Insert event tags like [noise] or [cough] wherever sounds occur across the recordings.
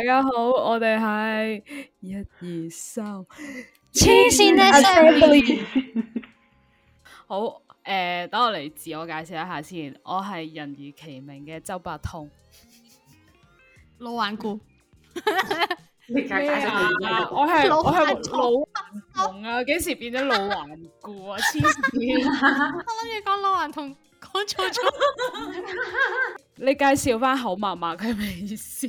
大家好，我哋係一二三，黐線 Associates，好誒，等、呃、我嚟自我介紹一下先，我係人如其名嘅周伯通，老頑頑固。你 [laughs] 咩、 [laughs] 欸、啊？我係我係老頑童啊？幾時變咗老頑固啊？黐線、啊！ [laughs] 我諗住講老頑童，講錯咗。 [laughs] [laughs] 你介紹翻口麻麻，佢係咩意思？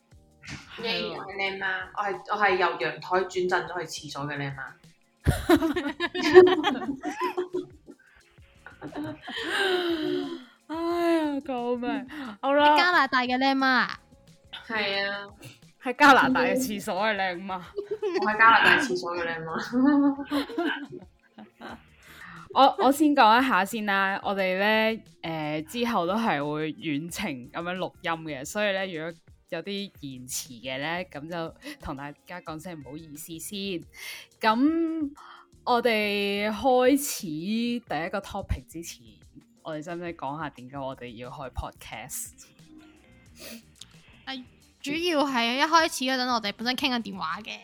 你係靚媽，我係我係由陽台轉進咗去廁所嘅靚媽。哎呀， [laughs] [laughs] 救命！好啦，加拿大嘅靚媽，係 [laughs] 啊，係加拿大嘅廁所嘅靚媽，我喺加拿大廁所嘅靚媽。我我先講一下先啦，我哋咧誒之後都係會遠程咁樣錄音嘅，所以咧如果有啲延遲嘅呢，咁就同大家講聲唔好意思先。咁我哋開始第一個 topic 之前，我哋使唔使講下點解我哋要開 podcast？啊，主要係一開始嗰陣，我哋本身傾緊電話嘅，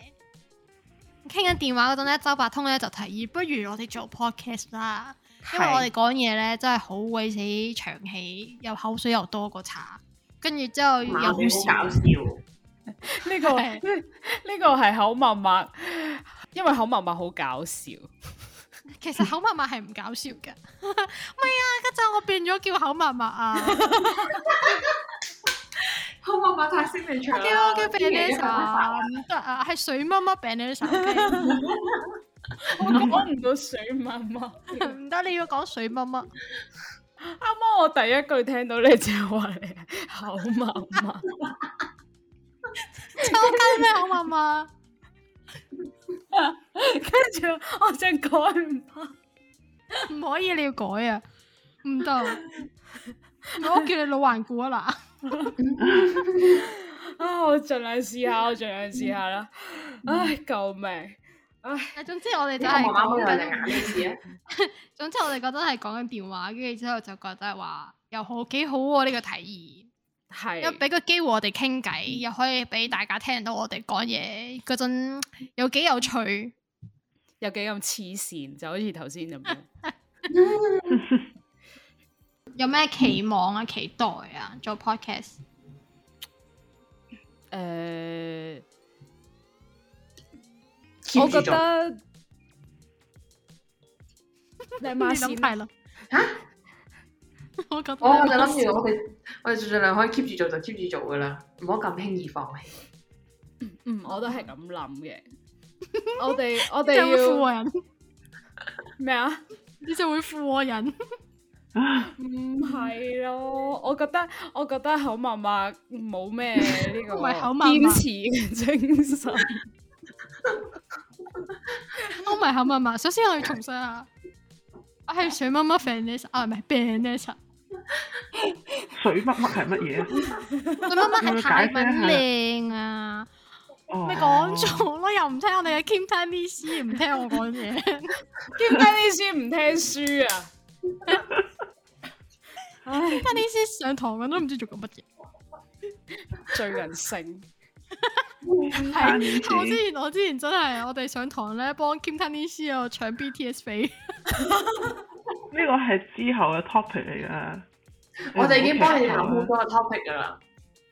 傾緊電話嗰陣呢，周伯通呢就提議，不如我哋做 podcast 啦，因為我哋講嘢呢真係好鬼死長氣，又口水又多過茶。跟住之後又好搞笑，呢個呢個係口默默，因為口默默好搞笑。其實口默默係唔搞笑嘅。唔係啊，家陣我變咗叫口默默啊。口默默太聲味長，我叫我叫 Banessa，唔得啊，係水乜乜 Banessa，我講唔到水乜乜，唔得，你要講水乜乜。啱啱，我第一句聽到你就話你口密密，抽筋咩口密密？跟住 [laughs] [laughs] 我真係改唔到！唔可以你要改啊，唔得， [laughs] 我叫你老頑固啦。 [laughs] [laughs] 啊，我盡量試下，我盡量試下啦。嗯、唉，救命！唉總之我哋就係講緊啲事。 [laughs] 總之我哋覺得係講緊電話，跟住之後就覺得話又好幾好喎、啊、呢、呢個提議。係是。又俾個機會我哋傾偈，嗯、又可以俾大家聽到我哋講嘢，嗰陣有幾有趣，有幾咁黐線，就好似頭先咁。有咩期望啊？期待啊？做 podcast？誒、呃。我覺得你馬屎啦！吓？我我就諗住我哋我哋盡量可以 keep 住做就 keep 住做噶啦，唔好咁輕易放棄。嗯，我都係咁諗嘅。我哋我哋要人咩啊？你就會負我人？唔係咯，我覺得我覺得好默默，冇咩呢個堅持嘅精神。我唔埋口密嘛，oh, no, no, no, no. 首先我要重申啊。我係水媽媽 Banessa 啊，唔係 Vanessa。水媽媽係乜嘢？水媽媽係泰文靚啊！咪講咗咯，又唔聽我哋嘅金碳妮，唔聽我講嘢。金碳妮唔聽書啊碳妮、， [laughs] 哎、 上堂我都唔知做緊乜嘢，醉 [laughs] 人性。係， [music] 我之前我之前真係我哋上堂咧幫 Kim Tan t i [laughs] s y 啊搶 BTS 飛，呢個係之後嘅 topic 嚟噶。我哋已經幫你諗好多個 topic 噶啦，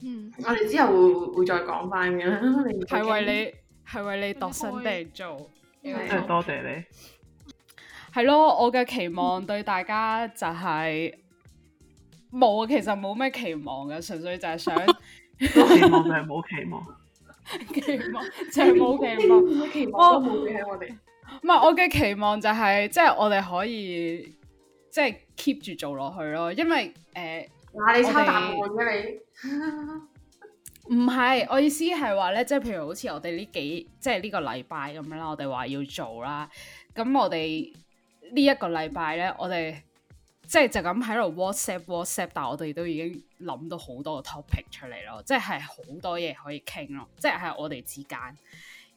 嗯，我哋之後會，會再講翻嘅，係為你係為你度身訂做。多 [music] 謝，謝你，係咯，我嘅期望對大家就係、是、冇， [laughs] 其實冇咩期望嘅，純粹就係想。 [laughs] 都希望佢係冇期望，期望就係冇期望，期望都冇我哋。唔係，我嘅期望就係，即係我哋可以，即係 keep 住做落去咯。因為誒，嗱，你抄答案嘅你，唔 [laughs] 係，我意思係話咧，即係譬如好似我哋呢幾，即係呢個禮拜咁樣啦，我哋話要做啦，咁我哋呢一個禮拜咧，嗯、我哋。即係就咁喺度 WhatsApp WhatsApp，但係我哋都已經諗到好多個 topic 出嚟咯，即係好多嘢可以傾咯，即係我哋之間。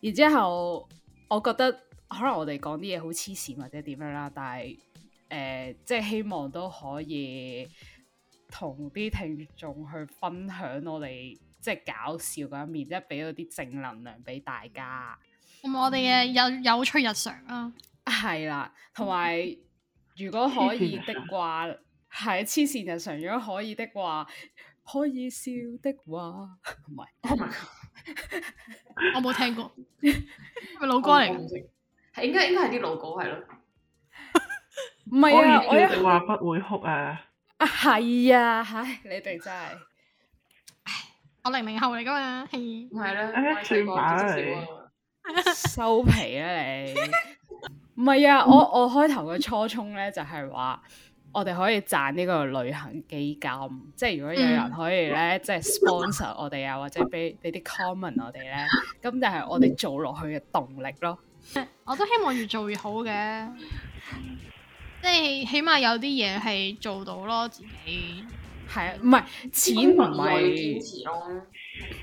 然之後，我覺得可能我哋講啲嘢好黐線或者點樣啦，但係誒、呃，即係希望都可以同啲聽眾去分享我哋即係搞笑嗰一面，即係俾咗啲正能量俾大家，同我哋嘅有有趣日常啊，係啦，同埋。嗯如果可以的話，係黐線人如果可以的話，可以笑的話，唔係，我冇聽過，係老歌嚟，係應該應該係啲老歌係咯，唔係啊，我哋話不會哭啊，啊係啊，唉，你哋真係，唉，我零零後嚟㗎嘛，唔係啦，笑話，收皮啊你。唔係啊，我我開頭嘅初衷咧就係話，我哋可以賺呢個旅行基金，即係如果有人可以咧，嗯、即係 sponsor 我哋啊，或者俾俾啲 comment 我哋咧，咁就係我哋做落去嘅動力咯。我都希望越做越好嘅，即係起碼有啲嘢係做到咯，自己係啊，唔係錢唔係堅持咯。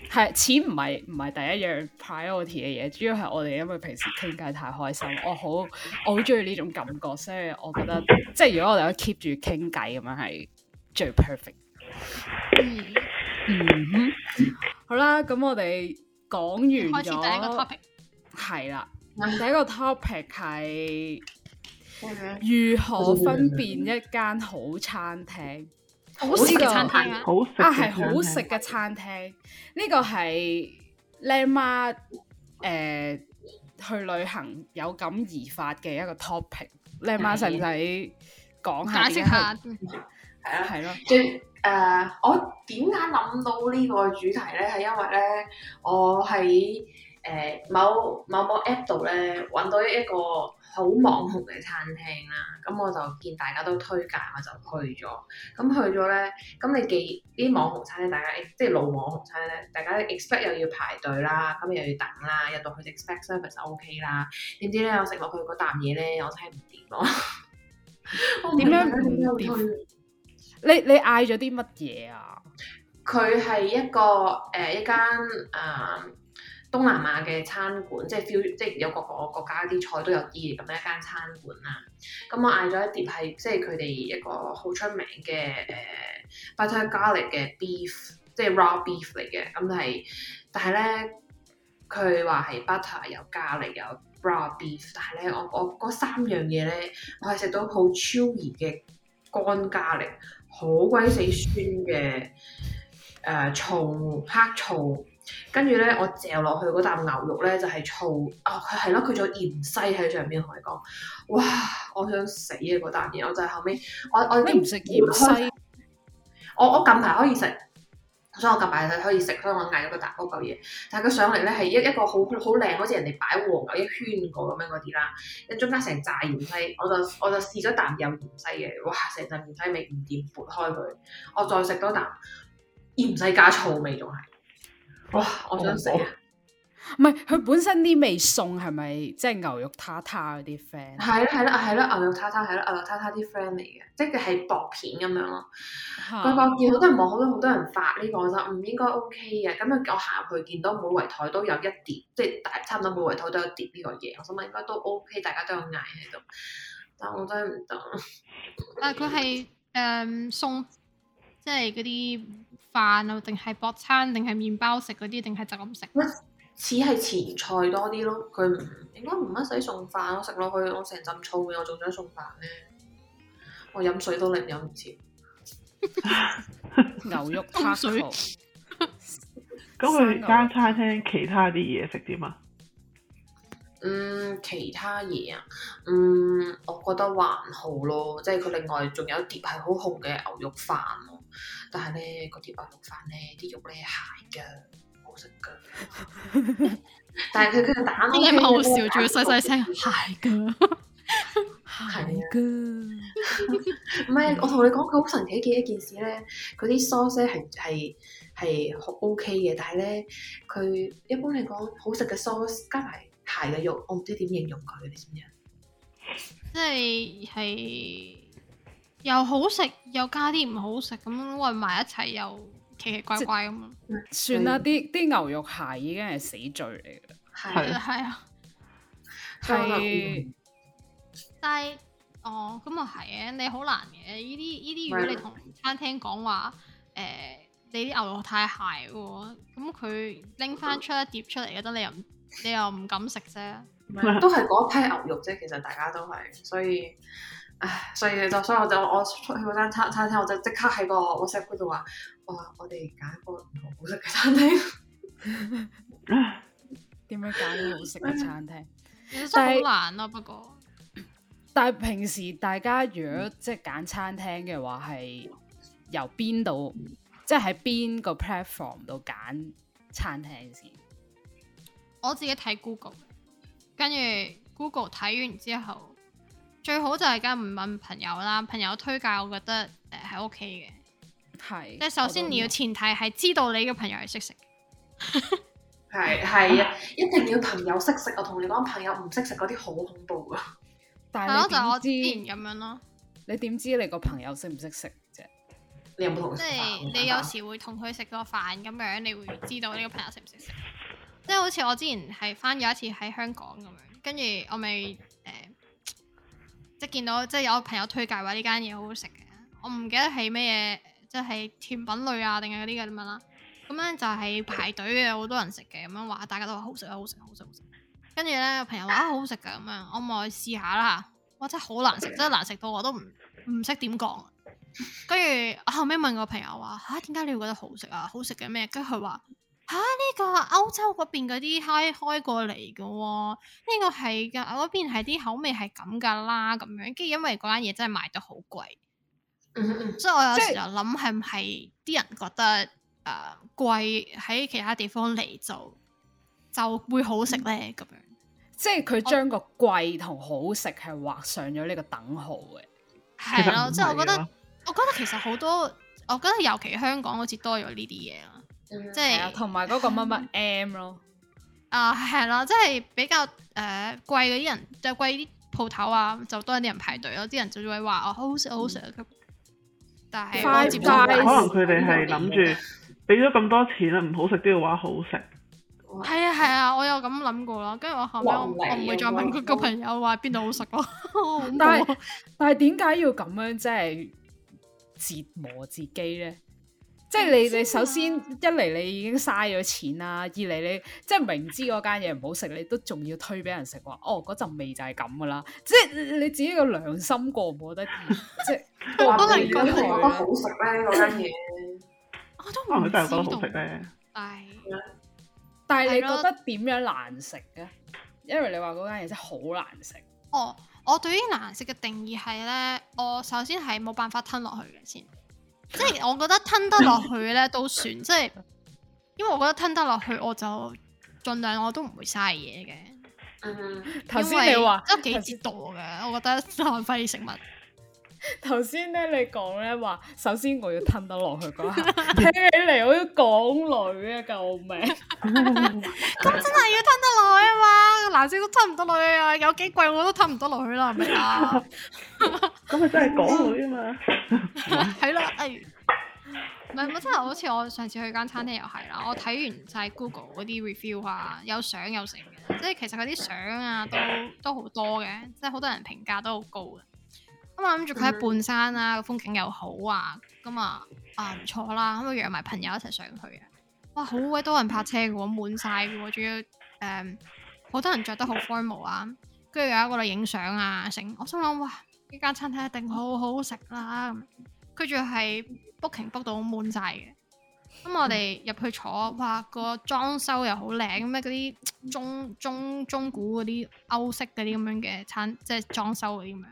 係錢唔係唔係第一樣 priority 嘅嘢，主要係我哋因為平時傾偈太開心，我好我好中意呢種感覺，所以我覺得 [laughs] 即係如果我哋都 keep 住傾偈咁樣係最 perfect。嗯嗯，嗯哼，好啦，咁我哋講完咗第一個 topic，係啦，第一個 topic 係如何分辨一間好餐廳。好食嘅餐廳啊，係、啊、好食嘅餐廳。呢、嗯、個係靚媽誒、呃、去旅行有感而發嘅一個 topic。靚媽使唔使講下先？解釋下？係啊，係咯。誒、呃，我點解諗到呢個主題咧？係因為咧，我喺誒、某某某 app 度咧，揾到一個好網紅嘅餐廳啦，咁、嗯、我就見大家都推介，我就去咗。咁去咗咧，咁你既啲網紅餐廳，大家即係老網紅餐廳，大家 expect 又要排隊啦，咁又要等啦，入到去 expect service 就 OK 啦。點知咧，我食落去嗰啖嘢咧，我真係唔掂咯。點樣唔掂？你你嗌咗啲乜嘢啊？佢係一個誒、呃、一間啊～、呃嗯嗯東南亞嘅餐館，即係 feel，即係有各個國家啲菜都有啲咁樣一間餐館啦。咁我嗌咗一碟係，即係佢哋一個好出名嘅誒、呃、butter garlic 嘅 beef，即係 raw beef 嚟嘅。咁係，但係咧佢話係 butter 有咖喱有 raw beef，但係咧我我嗰三樣嘢咧，我係食到好超熱嘅乾咖喱，好鬼死酸嘅誒、呃、醋黑醋。跟住咧，我嚼落去嗰啖牛肉咧就係、是、醋啊！佢係咯，佢仲有芫荽喺上面。同你講，哇！我想死啊！嗰啖嘢，我就係後尾，我我啲唔食芫荽。我我近排可以食，所以我近排可以食，所以我嗌咗個啖嗰嚿嘢，但係佢上嚟咧係一一個好好靚，好似人哋擺黃牛一圈個咁樣嗰啲啦，跟住中間成炸芫荽，我就我就試咗啖有芫荽嘅，哇！成陣芫荽味不不，唔掂撥開佢，我再食多啖芫荽加醋味，仲係。哇！我想死啊！唔係佢本身啲味餸係咪即係牛肉撻撻嗰啲 friend？係啦，係啦，係啦，牛肉撻撻係啦，牛肉撻撻啲 friend 嚟嘅，即係係薄片咁樣咯。哈我見好多人望好多好多人發呢個，就唔應該 OK 嘅。咁啊，我行入去見到每圍台都有一碟，即係大差唔多每圍台都有碟呢個嘢。我想問應該都 OK，大家都有嗌喺度，但我真係唔得。但佢係誒送即係嗰啲。飯啊，定係薄餐，定係麵包食嗰啲，定係就咁食？似係前菜多啲咯，佢應該唔乜使送飯，我食落去我成浸醋嘅。我仲想送飯咧。我飲水都嚟唔切。牛肉叉水。咁佢間餐廳其他啲嘢食點啊？ [laughs] 嗯，其他嘢啊，嗯，我覺得還好咯，即係佢另外仲有一碟係好紅嘅牛肉飯。但係咧，嗰碟白肉飯咧，啲肉咧，鞋噶，好食噶。 [laughs] 但係佢佢打，真係唔好笑，仲要細細聲，鞋噶，鞋噶。唔係，我同你講，佢好神奇嘅一件事咧，佢啲 sauce 係係係好 OK 嘅，但係咧，佢一般嚟講好食嘅 sauce 加埋鞋嘅肉，我唔知點形容佢，你知唔知啊？即係係。又好食又加啲唔好食咁混埋一齊，又奇奇怪怪咁。算啦了，啲啲的牛肉蟹已經係死罪嚟嘅。係啊係啊。例如，但係哦咁啊係嘅，你好難嘅呢啲呢啲，如果的你同餐廳講話，誒、呃、你啲牛肉太蟹喎，咁佢拎翻出一碟出嚟，覺得你又你又唔敢食啫。 [laughs] 都係嗰批牛肉啫，其實大家都係，所以。唉，所以就所以我就我出去嗰間餐餐廳，我就即刻喺個 WhatsApp 嗰度話，我話我哋揀個好食嘅餐廳，點樣揀好食嘅餐廳？真係好難咯、啊，不過但係平時大家如果即係揀餐廳嘅話，係由邊度？即係喺邊個 platform 度揀餐廳先？我自己睇 Google，跟住 Google 睇完之後。最好就係而家唔問朋友啦，朋友推介我覺得誒係 ok 嘅，係。即係首先你要前提係知道你嘅朋友係識食，係，係啊，一定要朋友識食。我同你講朋友唔識食嗰啲好恐怖噶。係咯，就我之前咁樣咯。你點知你個朋友識唔識食啫？你有冇即係你有時會同佢食個飯咁樣，你會知道呢個朋友識唔識食？即係好似我之前係翻咗一次喺香港咁樣，跟住我咪。見到即係有朋友推介話呢間嘢好好食嘅，我唔記得係咩嘢，即係甜品類啊定係嗰啲嘅點樣啦。咁樣就係排隊嘅，好多人食嘅咁樣話，大家都話好食啊，好食，好食，好食。跟住咧，呢有朋友話啊好食㗎咁樣，我咪去試下啦嚇。哇！真係好難食，真係難食到我都唔唔識點講。跟住 [laughs] 我後尾問個朋友話嚇，點解你會覺得好食啊？好食嘅咩？跟住佢話。吓呢、啊這個歐洲嗰邊嗰啲開開過嚟嘅、哦、呢、這個係噶，嗰邊係啲口味係咁噶啦，咁樣，跟住因為嗰間嘢真係賣得好貴， [laughs] 所以我有時又諗係唔係啲人覺得誒、呃、貴喺其他地方嚟做就會好食咧，咁樣，嗯、即係佢將個貴同好食係畫上咗呢個等號嘅，係咯，即係我覺得，我覺得其實好多，我覺得尤其香港好似多咗呢啲嘢。即係同埋嗰個乜乜 M, M, M 咯。啊係啦，即係比較誒貴嗰啲人，就貴啲鋪頭啊，就多啲人排隊，有啲人就會話我、oh, 好食，好食，嗯、但係可能佢哋係諗住俾咗咁多錢啦，唔好食都要話好食。係啊係啊，我有咁諗過咯，跟住我後尾，你我唔會再問嗰個朋友話邊度好食咯。但係但係點解要咁樣即係折磨自己咧？即係你，啊、你首先一嚟你已經嘥咗錢啦，二嚟你即係明知嗰間嘢唔好食，你都仲要推俾人食話哦，嗰陣味就係咁噶啦。即係你自己個良心過唔過得？ [laughs] 即係我都唔覺得好食咩呢？嗰間嘢我都唔覺得好食咩？係是，但係你覺得點樣難食嘅？因為你話嗰間嘢真係好難食。哦，我對於難食嘅定義係咧，我首先係冇辦法吞落去嘅先。即係我覺得吞得落去咧都算，即係，因為我覺得吞得落去，我就盡量我都唔會嘥嘢嘅。頭先、嗯、因為 你話都幾折墮嘅，剛才 我覺得浪費食物。頭先咧，你講咧話，首先我要吞得落去嗰下，聽起嚟我要港女啊！救命，咁 [laughs] [laughs] 真係要吞得落去啊嘛！個男仔都吞唔得落去啊，有幾貴我都吞唔得落去啦，係咪啊？咁咪真係港女啊嘛？係啦，哎，唔係我真係好似我上次去間餐廳又係啦，我睇完晒 Google 嗰啲 review 啊，有相有成嘅。即係其實佢啲相啊都都好多嘅，即係好多人評價都好高嘅。咁、嗯、啊，諗住佢喺半山啦，個風景又好啊，咁、嗯、啊啊唔錯啦。咁啊，約埋朋友一齊上去啊。哇，好鬼多人泊車嘅喎，滿晒嘅喎，仲要誒好、嗯、多人着得好 formal 啊，跟住有一個度影相啊，成我心諗哇，呢間餐廳一定好好食啦。咁、嗯、跟住係 booking book 到滿晒嘅。咁我哋入去坐，哇、嗯，個裝修又好靚，咩嗰啲中中中古嗰啲歐式嗰啲咁樣嘅餐，即係裝修嗰啲咁樣。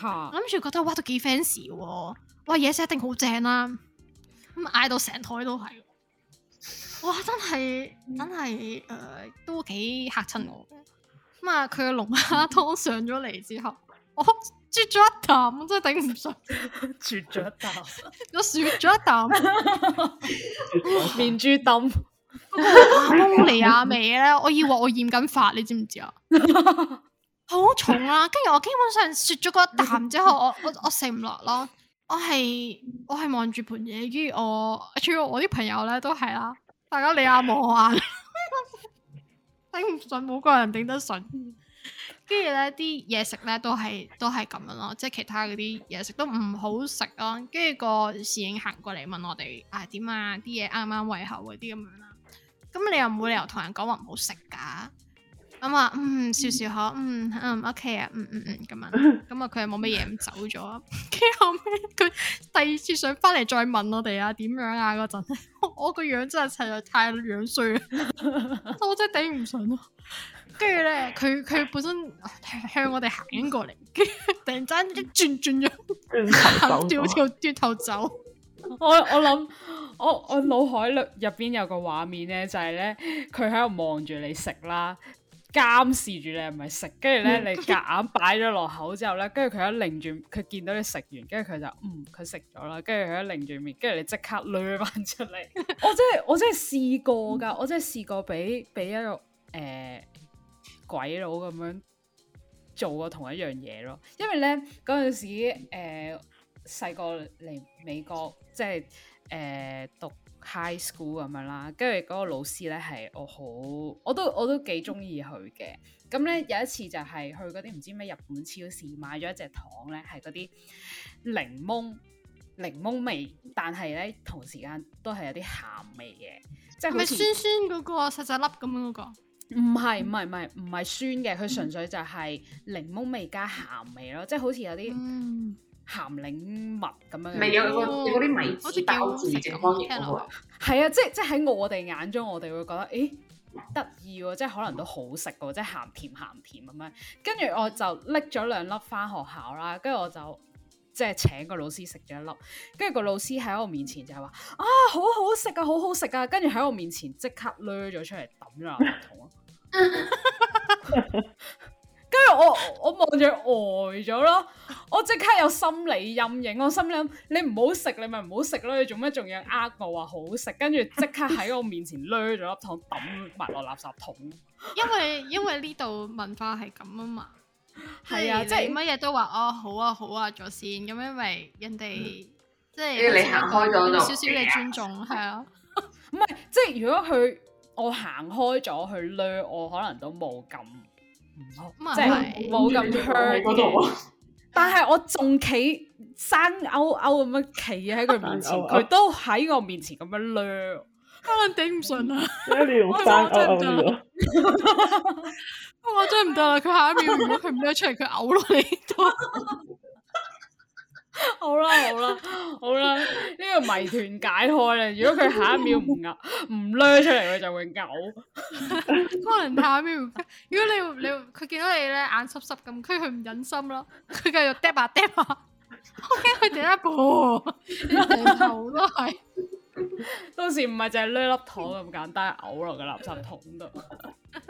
我諗住覺得，得哇都幾 fancy，哇嘢食一定好正啦，咁嗌到成枱都係，哇真係真係誒、呃、都幾嚇親我。咁啊佢嘅龍蝦湯上咗嚟之後，我啜咗一啖，真係頂唔順，啜咗一啖，我少咗 [laughs] 一啖，面珠墩，阿窿嚟阿尾咧，我以為我染緊髮，你知唔知啊？好重啦、啊，跟住我基本上食咗個一啖之後，我我我食唔落咯。我係我係望住盤嘢，跟住我，主要我啲朋友咧都係啦，大家你阿母啊，頂唔順冇個人頂得順。跟住咧啲嘢食咧都係都係咁樣咯，即係其他嗰啲嘢食都唔好食啊。跟住個侍應行過嚟問我哋啊點啊，啲嘢啱啱胃口嗰啲咁樣啦。咁你又冇理由同人講話唔好食噶。咁啊，嗯，笑笑嗬，嗯嗯，O K 啊，嗯嗯、okay, 嗯，咁、嗯嗯嗯、樣，咁啊，佢又冇乜嘢咁走咗。跟 [laughs] 住後尾，佢第二次想翻嚟再問我哋啊，點樣啊？嗰陣我個樣真係實在太樣衰，我真係頂唔順咯。跟住咧，佢佢本身向我哋行過嚟，跟住突然間一轉轉咗，掉掉掉轉頭走。走走走走。我我諗，我 [laughs] 我腦海裏入邊有個畫面咧，就係、是、咧，佢喺度望住你食啦。監視住你係咪食，跟住咧，你夾硬擺咗落口之後咧，跟住佢一擰住，佢見到你食完，跟住佢就嗯，佢食咗啦，跟住佢一擰住面，跟住你即刻掠翻出嚟。 [laughs] 我真係我真係試過㗎，我真係試過俾俾一個誒、呃、鬼佬咁樣做過同一樣嘢咯。因為咧，嗰陣時誒細個嚟美國，即係誒、呃、讀。High School 咁樣啦，跟住嗰個老師咧係我好，我都我都幾中意佢嘅。咁咧有一次就係去嗰啲唔知咩日本超市買咗一隻糖咧，係嗰啲檸檬檸檬味，但係咧同時間都係有啲鹹味嘅，即係好似酸酸嗰個細細粒咁樣嗰個。唔係唔係唔係唔係酸嘅，佢純粹就係檸檬味加鹹味咯，嗯、即係好似有啲。嗯鹹檸蜜咁樣嘅，有嗰啲米好似叫健康椰果喎。係啊，即係即係喺我哋眼中，我哋會覺得誒得意喎，即係可能都好食喎，即係鹹甜鹹甜咁樣。跟住我就拎咗兩粒返學校啦，跟住我就即係請個老師食咗一粒。跟住個老師喺我面前就係話：啊，好好食啊，好好食啊！跟住喺我面前即刻掠咗出嚟抌咗落垃圾桶咯。 [laughs] [laughs] 因為我我望住呆咗咯，我即刻有心理陰影。我心裏諗：你唔好食，你咪唔好食咯。你做咩仲要呃我話好食？跟住即刻喺我面前掠咗粒糖抌埋落垃圾桶。因為因為呢度文化係咁啊嘛，係啊 [laughs] 是，即係乜嘢都話哦好啊好啊咗先，咁因為人哋、嗯、即係你行開咗少少嘅尊重係啊，唔係是、啊、 [laughs] 即係如果佢我行開咗，去掠我，我可能都冇咁。即係冇咁 hurt 喺度，但係我仲企生勾勾咁樣企喺佢面前，佢都喺我面前咁樣掠。可能頂唔順啦。你 [laughs] 我真唔得啦，佢、嗯、 [laughs] 下一秒如果佢唔掠出嚟，佢嘔落嚟。 [laughs] 好啦，好啦，好啦，呢個謎團解開啦。如果佢下一秒唔嘔唔掠出嚟，佢就會嘔。 [laughs] 可能下一秒，如果你你佢見到你咧眼濕濕咁，佢佢唔忍心啦，佢繼續嗒啊嗒啊。我驚佢第一步，頭都係。到 [laughs] 時唔係淨係掠粒糖咁簡單，嘔落個垃圾桶度。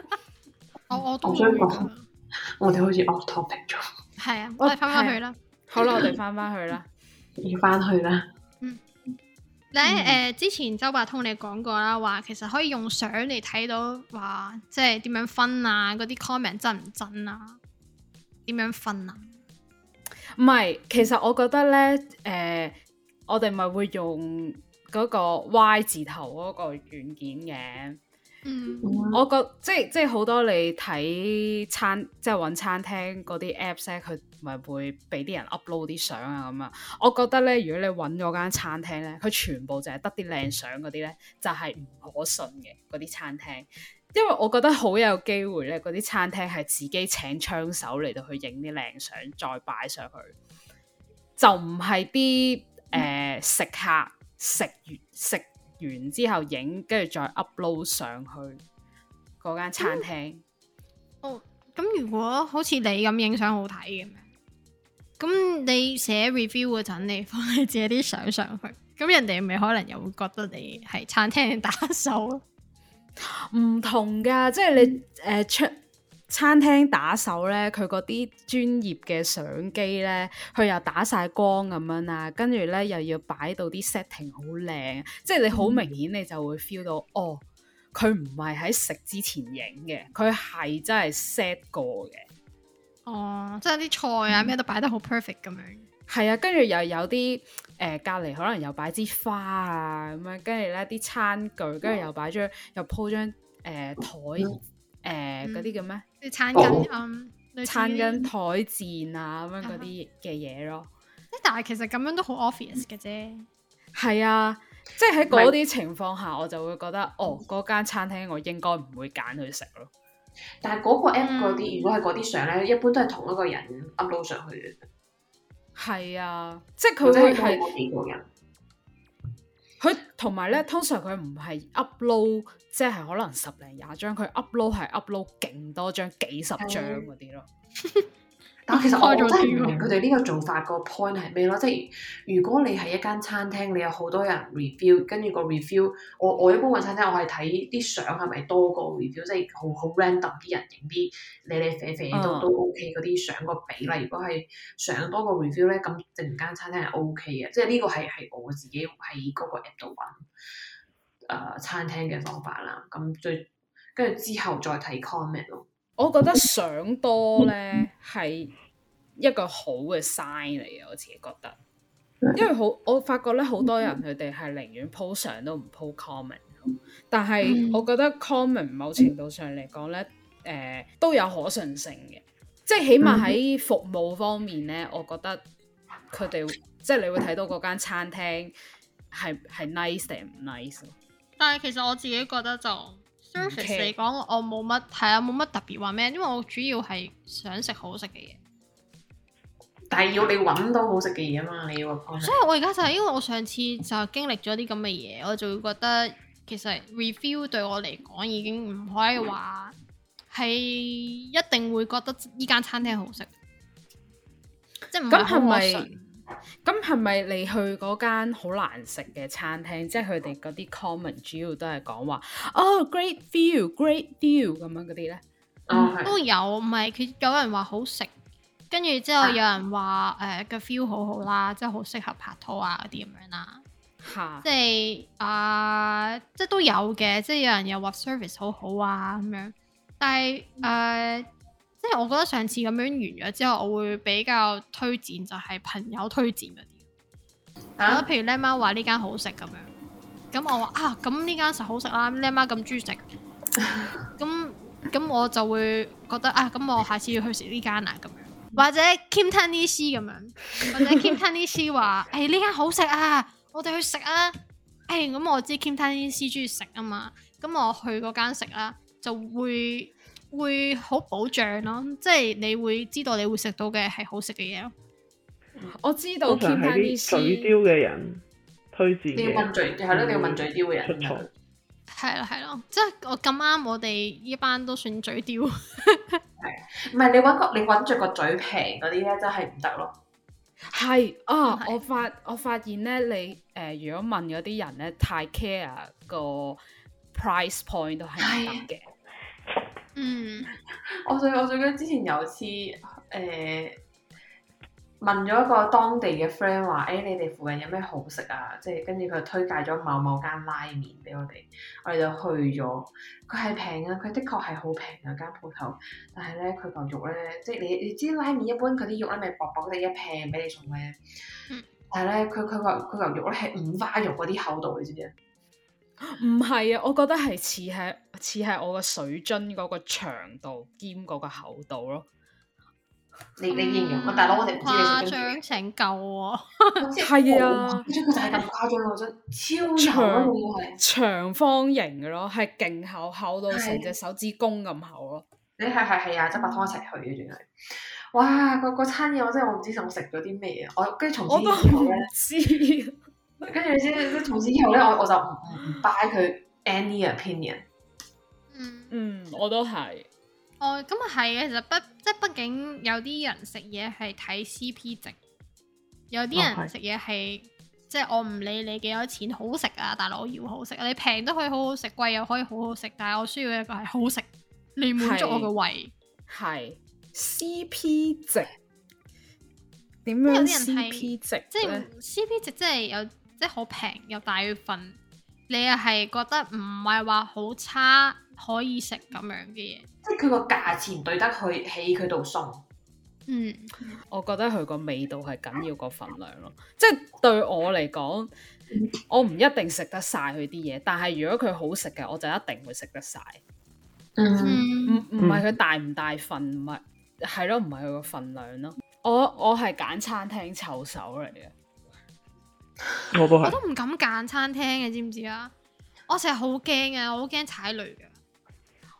[laughs] 我我我想講，我哋好似 off topic 咗。係啊， [noise] 我哋翻返去啦。 [laughs] 好啦，我哋翻翻去啦，要翻去啦。嗯，咧誒、呃，之前周伯通你講過啦，話其實可以用相嚟睇到，話即係點樣分啊，嗰啲 comment 真唔真啊？點樣分啊？唔係，其實我覺得咧，誒、呃，我哋咪會用嗰個 Y 字頭嗰個軟件嘅。嗯，我覺得即係即係好多你睇餐即係揾餐廳嗰啲 app 咧，佢咪會俾啲人 upload 啲相啊咁啊。我覺得呢，如果你揾咗間餐廳呢，佢全部就係得啲靚相嗰啲呢，就係、是、唔可信嘅嗰啲餐廳。因為我覺得好有機會呢，嗰啲餐廳係自己請槍手嚟到去影啲靚相，再擺上去，就唔係啲誒食客食完食。完之後影，跟住再 upload 上去嗰間餐廳。哦，咁如果好似你咁影相好睇嘅咩？咁你寫 review 嗰陣，你放你自己啲相上去，咁人哋咪可能又會覺得你係餐廳打手？唔同㗎，即係你誒出，餐廳打手咧，佢嗰啲專業嘅相機咧，佢又打晒光咁樣啊，跟住咧又要擺到啲 setting 好靚，即係你好明顯你就會 feel 到，嗯、哦，佢唔係喺食之前影嘅，佢係真係 set 過嘅。哦，即係啲菜啊咩、嗯、都擺得好 perfect 咁樣。係啊，跟住又有啲誒隔籬可能又擺支花啊咁樣，跟住咧啲餐具，跟住又擺張、哦、又鋪張誒枱。呃誒嗰啲叫咩？即係餐巾、餐巾台墊啊咁樣嗰啲嘅嘢咯。但係其實咁樣都好 obvious 嘅啫。係啊，即係喺嗰啲情況下，我就會覺得，哦，嗰間餐廳我應該唔會揀去食咯。但係嗰個 app 嗰啲，如果係嗰啲相咧，一般都係同一個人 upload 上去嘅。係啊，即係佢會係幾個人？佢同埋咧，通常佢唔係 upload，即係可能十零廿張，佢 upload 係 upload 勁多張，幾十張嗰啲咯。 [laughs] 但其實我，了了我真係唔明佢哋呢個做法個 point 係咩咯？即係如果你係一間餐廳，你有好多人 review，跟住個 review，我我一般個餐廳我係睇啲相係咪多過 review，即係好好 random 啲人影啲你你肥肥都都 OK 嗰啲相個比例。如果係相多過 review 咧，咁整間餐廳係 OK 嘅。即係呢個係係我自己喺嗰個 app 度揾、呃、餐廳嘅方法啦。咁最跟住之後再睇 comment 咯。我覺得相多呢係一個好嘅 sign 嚟嘅，我自己覺得，因為好我發覺咧好多人佢哋係寧願 po 相都唔 po comment，但係我覺得 comment 某程度上嚟講呢，誒、呃、都有可信性嘅，即係起碼喺服務方面呢，我覺得佢哋即係你會睇到嗰間餐廳係係 nice 定唔 nice，但係其實我自己覺得就。其實嚟講，我冇乜係啊，冇乜特別話咩，因為我主要係想食好食嘅嘢。但係要你搵到好食嘅嘢啊嘛，你要個。所以我而家就係因為我上次就經歷咗啲咁嘅嘢，我就會覺得其實 review 對我嚟講已經唔可以話係一定會覺得依間餐廳好食。嗯、即係咁係咁係咪你去嗰間好難食嘅餐廳，即係佢哋嗰啲 comment 主要都係講話哦，great view，great view 咁樣嗰啲咧？都有，唔係佢有人話好食，跟住之後有人話誒個 feel 好好啦，即係好適合拍拖啊嗰啲咁樣啦，吓，即係啊，即係、即係呃即係、都有嘅，即係有人又話 service 好好啊咁樣，但係誒。呃嗯即係我覺得上次咁樣完咗之後，我會比較推薦就係朋友推薦嗰啲，啊，譬如靚媽話呢間好食咁樣，咁我話啊，咁呢間食好食啦，靚媽咁中意食，咁咁、 [laughs] 嗯嗯嗯、我就會覺得啊，咁、嗯、我下次要去食呢間啊，咁樣，或者金碳妮咁樣，或者金碳妮話誒呢間好食啊，我哋去食啊，誒、欸、咁、嗯、我知金碳妮中意食啊嘛，咁我去嗰間食啦，就會。會好保障咯，即係你會知道你會食到嘅係好食嘅嘢咯。嗯、我知道，通常係啲嘴刁嘅人推薦你要問嘴係咯不會，你要問嘴刁嘅人出錯醋。係咯係咯，即係我咁啱，我哋依班都算嘴刁，係， [laughs] 唔係你搵個你搵着個嘴平嗰啲咧，真係唔得咯。係啊，我發我發現咧，你誒、呃，如果問嗰啲人咧，太 care 個 price point 都係唔得嘅。嗯 [laughs] 我，我最我最記得之前有次，誒、呃，問咗一個當地嘅 friend 話，誒、欸，你哋附近有咩好食啊？即係跟住佢推介咗某某間拉麵俾我哋，我哋就去咗。佢係平啊，佢的確係好平啊間鋪頭，但係咧佢嚿肉咧，即係你你知拉麵一般佢啲肉咧咪薄薄哋一片俾你送咩？嗯、但係咧佢佢個佢嚿肉咧係五花肉嗰啲厚度你知唔知啊？唔係啊，我覺得係似係似係我個水樽嗰個長度兼嗰個厚度咯。你你形容、嗯、我大佬，我哋唔誇張，請救我。係啊，佢就係咁誇張咯，真超、 [laughs] 啊、長，長方形嘅咯，係勁厚厚到成隻手指公咁厚咯。你係係係啊，周伯通一齊去嘅仲要係。哇，個個餐嘢我真係我唔知我食咗啲咩啊！我跟住從我都唔知。 [laughs] 跟住先，即係從此之後咧，我我就唔 buy 佢 any opinion。嗯嗯，嗯我都係。哦，咁啊係，其實畢即係畢竟有啲人食嘢係睇 C P 值，有啲人食嘢係、哦、即係我唔理你幾多錢好食啊，大佬，要好食。你平都可以好好食，貴又可以好好食，但係我需要一個係好食，你滿足我嘅胃。係 C P 值點樣？有啲人睇 C P 值即係 C P 值，即係有。CP 值即係好平又大份，你又係覺得唔係話好差可以食咁樣嘅嘢。即係佢個價錢對得佢起佢度送。嗯，我覺得佢個味道係緊要個份量咯。即係對我嚟講，我唔一定食得晒佢啲嘢，但係如果佢好食嘅，我就一定會食得晒。嗯，唔唔係佢大唔大份，唔係係咯，唔係佢個份量咯。我我係揀餐廳臭手嚟嘅。我，我都係，我都唔敢揀餐廳嘅，知唔知啊？我成日好驚嘅，我好驚踩雷嘅。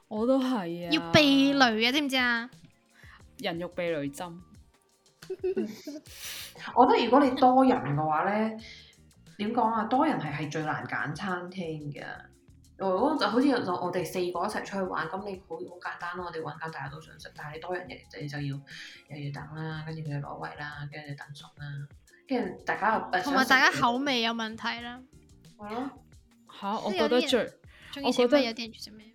我都係啊，要避雷嘅，知唔知啊？人肉避雷針。 [laughs] [laughs] 我覺得如果你多人嘅話咧，點講啊？多人係係最難揀餐廳嘅。如果就好似就我哋四個一齊出去玩，咁你好好簡單咯。我哋搵間大家都想食，但係你多人一就就要又要，要等啦，啊，跟住佢攞位啦，跟住等餸，啊、啦。同埋大家口味有問題啦，係咯嚇，我覺得最我覺得有啲人著咩？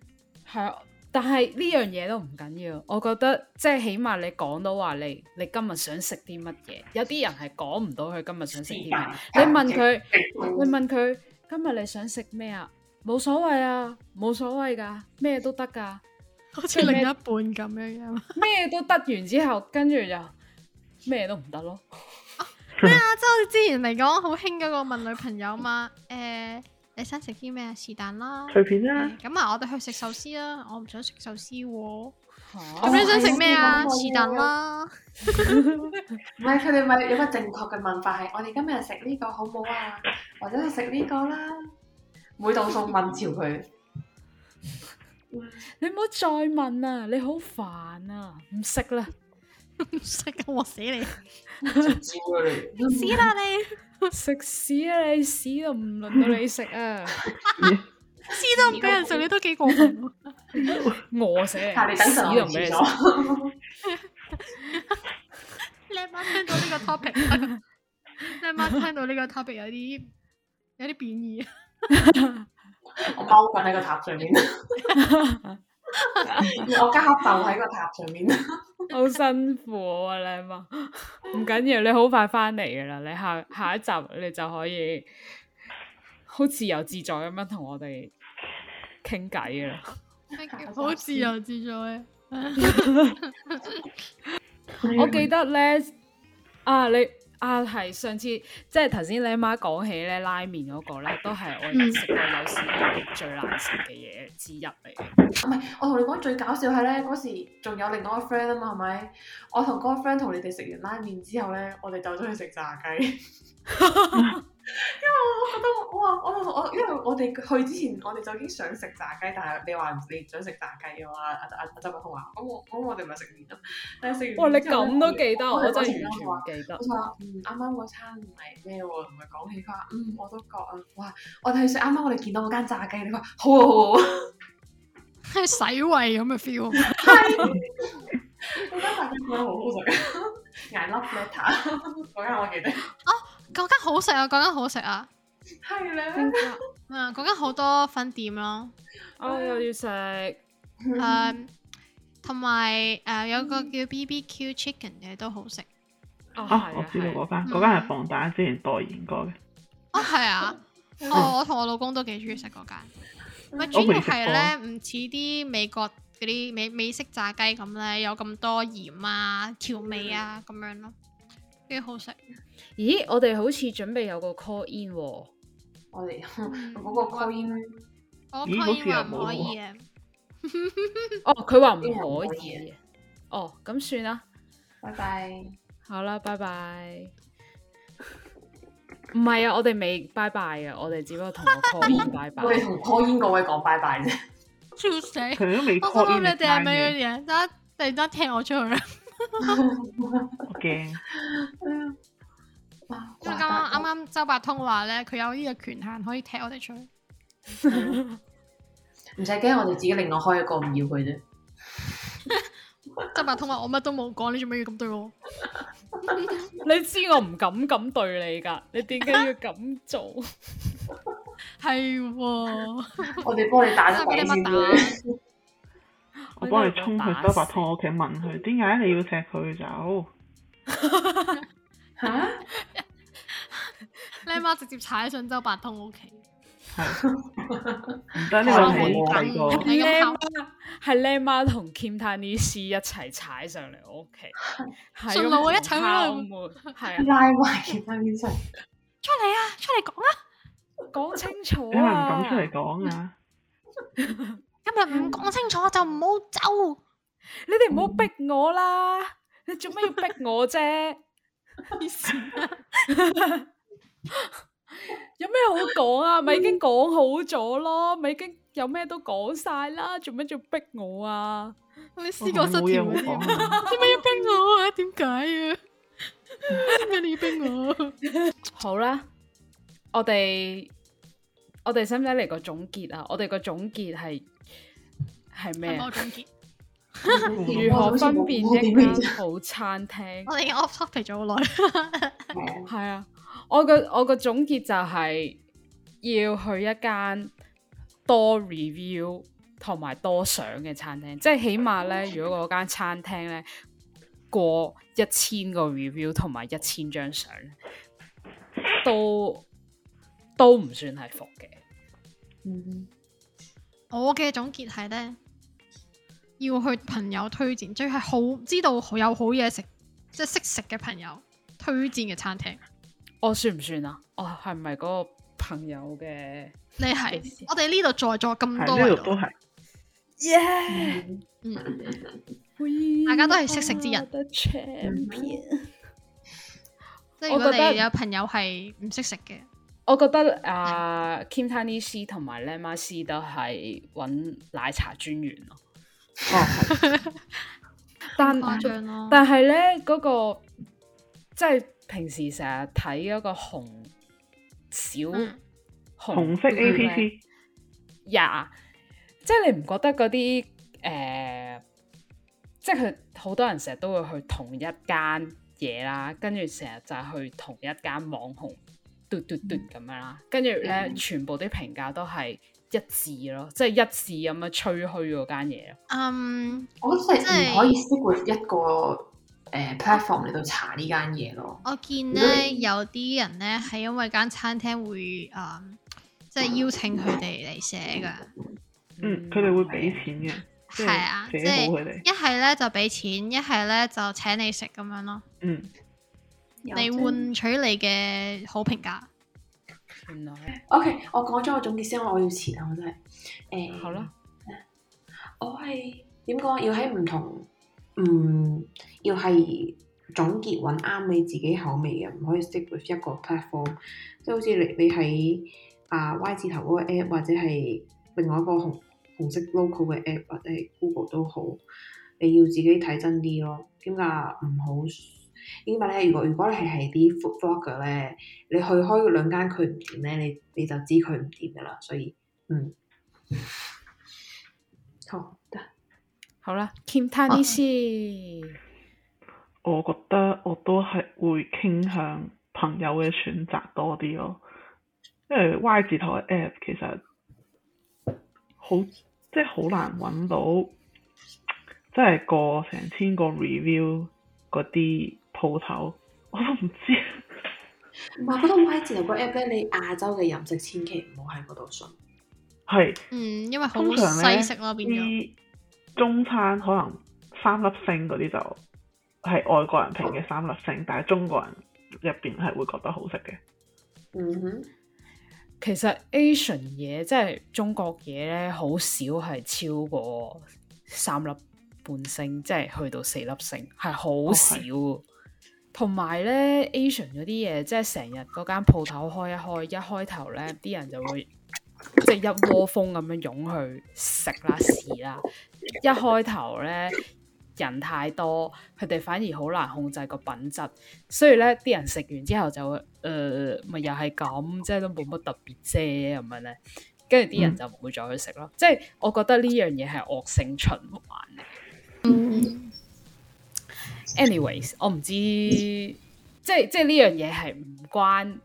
係啊，但係呢樣嘢都唔緊要。我覺得即係起碼你講到話你你今日想食啲乜嘢？有啲人係講唔到佢今日想食啲乜，你問佢，你問佢今日你想食咩啊？冇所謂啊，冇所謂㗎，咩都得㗎，好似另一半咁樣樣。咩都得完之後，跟住就咩都唔得咯。咩啊？即係之前嚟講好興嗰個問女朋友嘛？誒、欸，你想食啲咩啊？是但啦，隨便啦。咁啊，我哋去食壽司啦。我唔想食壽司喎。咁你想食咩啊？是但啦。唔係，佢哋咪有個正確嘅問法係，我哋今日食呢個好唔好啊？或者係食呢個啦。每頓飯問朝佢。 [laughs] 你唔好再問啊，你好煩啊！唔食啦。食 [laughs] 我死你！食屎啦你！食屎啊你，你！屎都唔輪到你食啊！ [laughs] 屎都唔俾人食，你都幾過分，啊？餓死你！你等屎都唔俾你食！你阿媽 [laughs] [laughs] 聽到呢個 topic， [laughs] 你阿媽聽到呢個 topic 有啲有啲貶義。 [laughs] 我包棍喺個塔上面，我家下就喺個塔上面。 [laughs] 好辛苦啊，你阿媽，唔緊要，你好快翻嚟噶啦，你下 [laughs] 下一集你就可以好自由自在咁樣同我哋傾偈㗎喇。咩 [laughs] 好自由自在？ [laughs] [laughs] [laughs] 我記得咧，啊你。啊，係上次即係頭先你阿媽講起咧拉麵嗰個咧，都係我食過有史以來最難食嘅嘢之一嚟。唔係，嗯，我同你講最搞笑係咧，嗰時仲有另外個 friend 啊嘛，係咪？我同嗰個 friend 同你哋食完拉麵之後咧，我哋走咗去食炸雞。因為我覺得哇，我我因為我哋去之前，我哋就已經想食炸雞，但係你話你唔想食炸雞嘅話，阿阿阿周伯通話咁我咁我哋咪食麵咯。但係食完你咁都記得，我真係完全記得。錯，啱啱個餐唔係咩？同佢講起佢話，嗯，我都覺。哇，我哋去食。啱啱我哋見到嗰間炸雞，你話好好好啊，係洗胃咁嘅 feel。嗰間炸雞點樣好好食啊？嗌粒咩糖？嗰間我記得。啊。嗰間好食啊！嗰間好食啊，係啦的，啊嗰、嗯、間好多分店咯，oh, 我又要食誒，同埋誒有、呃、有個叫 BBQ Chicken 嘅都好食。Oh, 啊，我知道嗰間，嗰的間係防彈之前代言過嘅。哦、嗯，係啊，啊 [laughs] 哦，我同我老公都幾中意食嗰間。咪 [laughs] 主要係咧，唔似啲美國嗰啲美美式炸雞咁咧，有咁多鹽啊調味啊咁樣咯，幾 [laughs] 好食。咦，我哋好似準備有個 call in 喎，哦，我哋嗰、嗰個 call in，我咦咦 call in 話唔可以，哦，佢話唔可以，哦，咁算啦 bye，拜拜，好啦，拜拜，唔係啊，我哋未拜拜啊。我哋只不過同個 call in 拜拜 [laughs] bye，我哋同 call in 嗰位講拜拜啫，笑死，佢都未 call 你哋係咪要嚟？等陣，突然踢我出去唱。O K。因為啱啱周伯通話咧，佢有呢個權限可以踢我哋出去，唔使驚，我哋自己另外開一個唔要佢啫。周伯通話我乜都冇講，你做咩要咁對我？你知我唔敢咁對你噶，你點解要咁做？係，我哋幫你打個電話，我幫你衝去周伯通屋企問佢，點解你要踢佢走？吓？僆媽直接踩上周伯通屋企，唔、OK、得 [laughs] 門 [laughs] 你咁哥狂！係僆媽同金碳妮一齊踩上嚟屋企，OK、順路一齊入去，拉壞其他人出嚟啊！出嚟講啊，講清楚啊！唔敢出嚟講啊？今日唔講清楚就唔好走！ [laughs] 你哋唔好逼我啦！你做咩要逼我啫？ [laughs] 事 [laughs] [laughs] 有咩好講啊？咪已經講好咗咯，咪已經有咩都講晒啦，做咩仲逼我啊？你試過失調，做咩，哦、 [laughs] [laughs] 要逼我啊？點解啊？點 [laughs] 解你要逼我？好啦，我哋我哋使唔使嚟個總結啊？我哋個總結係係咩啊？是是總結 [laughs] 如何分辨一間好餐廳？我哋 off topic 咗好耐，係 [laughs] [laughs] 啊。我個我個總結就係要去一間多 review 同埋多相嘅餐廳，即係起碼咧，如果嗰間餐廳咧，過一千個 review 同埋一千張相，都都唔算係服嘅。嗯，我嘅總結係咧，要去朋友推薦，最係好知道有好嘢食，即係識食嘅朋友推薦嘅餐廳。我算唔算啊？哦，係咪嗰個朋友嘅？你係我哋呢度在座咁多，呢度都係，耶！大家都係識食之人。即係，我覺得有朋友係唔識食嘅，我覺得啊，金碳妮同埋 Lang Ma 都係搵奶茶專員咯。但誇張咯，但係咧嗰個即係。平時成日睇嗰個紅小、嗯、紅色 A P P，呀，即係你唔覺得嗰啲誒，即係佢好多人成日都會去同一間嘢啦，跟住成日就係去同一間網紅，嗯、嘟嘟嘟咁樣啦，跟住咧全部啲評價都係一致咯，即係一致咁樣吹噓嗰間嘢咯。嗯，um, 我覺得唔可以忽略一個。誒、uh,，platform 嚟到查呢間嘢咯。我見咧 [noise] 有啲人咧係因為間餐廳會誒、呃，即係邀請佢哋嚟寫㗎。 [laughs] 嗯，佢哋會俾錢嘅。係啊，即係一係咧就俾、是、錢，一係咧就請你食咁樣咯。嗯，你換取你嘅好評價。來 o、okay, K，我講咗個總結先，我要遲啦，我真係。誒、欸，好啦了，我係點講？要喺唔同。嗯，要係總結揾啱你自己口味嘅，唔可以 stick with 一個 platform。即係好似你你喺啊 Y 字頭嗰個 app，或者係另外一個紅紅色 local 嘅 app，或者係 Google 都好，你要自己睇真啲咯。點解唔好？點解咧？如果如果你係啲 food vlogger 咧，你去開兩間佢唔掂咧，你你就知佢唔掂噶啦。所以，嗯， [laughs] 好。好啦，傾呢啲先。我覺得我都係會傾向朋友嘅選擇多啲咯，因為 Y 字頭嘅 app 其實好即係好難揾到，即係過成千個 review 嗰啲鋪頭，我都唔知。唔係嗰種 Y 字頭嗰 app 咧，你亞洲嘅飲食千祈唔好喺嗰度信。係。嗯，因為好西式咯、啊、變咗。中餐可能三粒星嗰啲就係外國人評嘅三粒星，嗯哼，但係中國人入邊係會覺得好食嘅。嗯哼，其實 Asian 嘢即係中國嘢咧，好少係超過三粒半星，即係去到四粒星，係好少。同埋咧，Asian 嗰啲嘢即係成日嗰間鋪頭開一開，一開頭咧啲人就會。即係一窩蜂咁樣湧去食啦、試啦，一開頭咧，人太多，佢哋反而好難控制個品質，所以咧，啲人食完之後就誒，咪、呃、又係咁，即係都冇乜特別啫，咁樣咧，跟住啲人就唔會再去食咯。即係我覺得呢樣嘢係惡性循環嚟。嗯、mm hmm.，anyways，我唔知，即係即係呢樣嘢係唔關。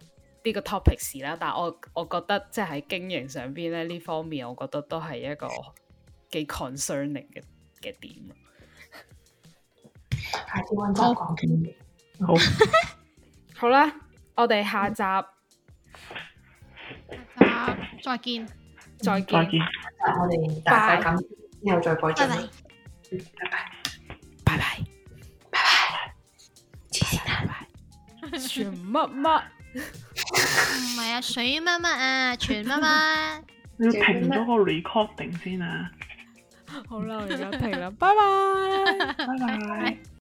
呢個 topics 啦，但我我覺得即喺經營上邊咧呢方面，我覺得，我覺得都係一個幾 concerning 嘅嘅點。下次温章講嘅嘢。好。 [laughs] 好啦，我哋下集、嗯、下集，再見，再見。我哋大家咁之後再改進啦。拜拜。拜拜。拜拜。拜拜。 [laughs] 全乜乜。唔係 [laughs] 啊，水乜乜啊，全乜乜，你 [laughs] 要停咗個 recording 先啊。 [laughs] 好啦，我而家停啦，拜拜，拜拜。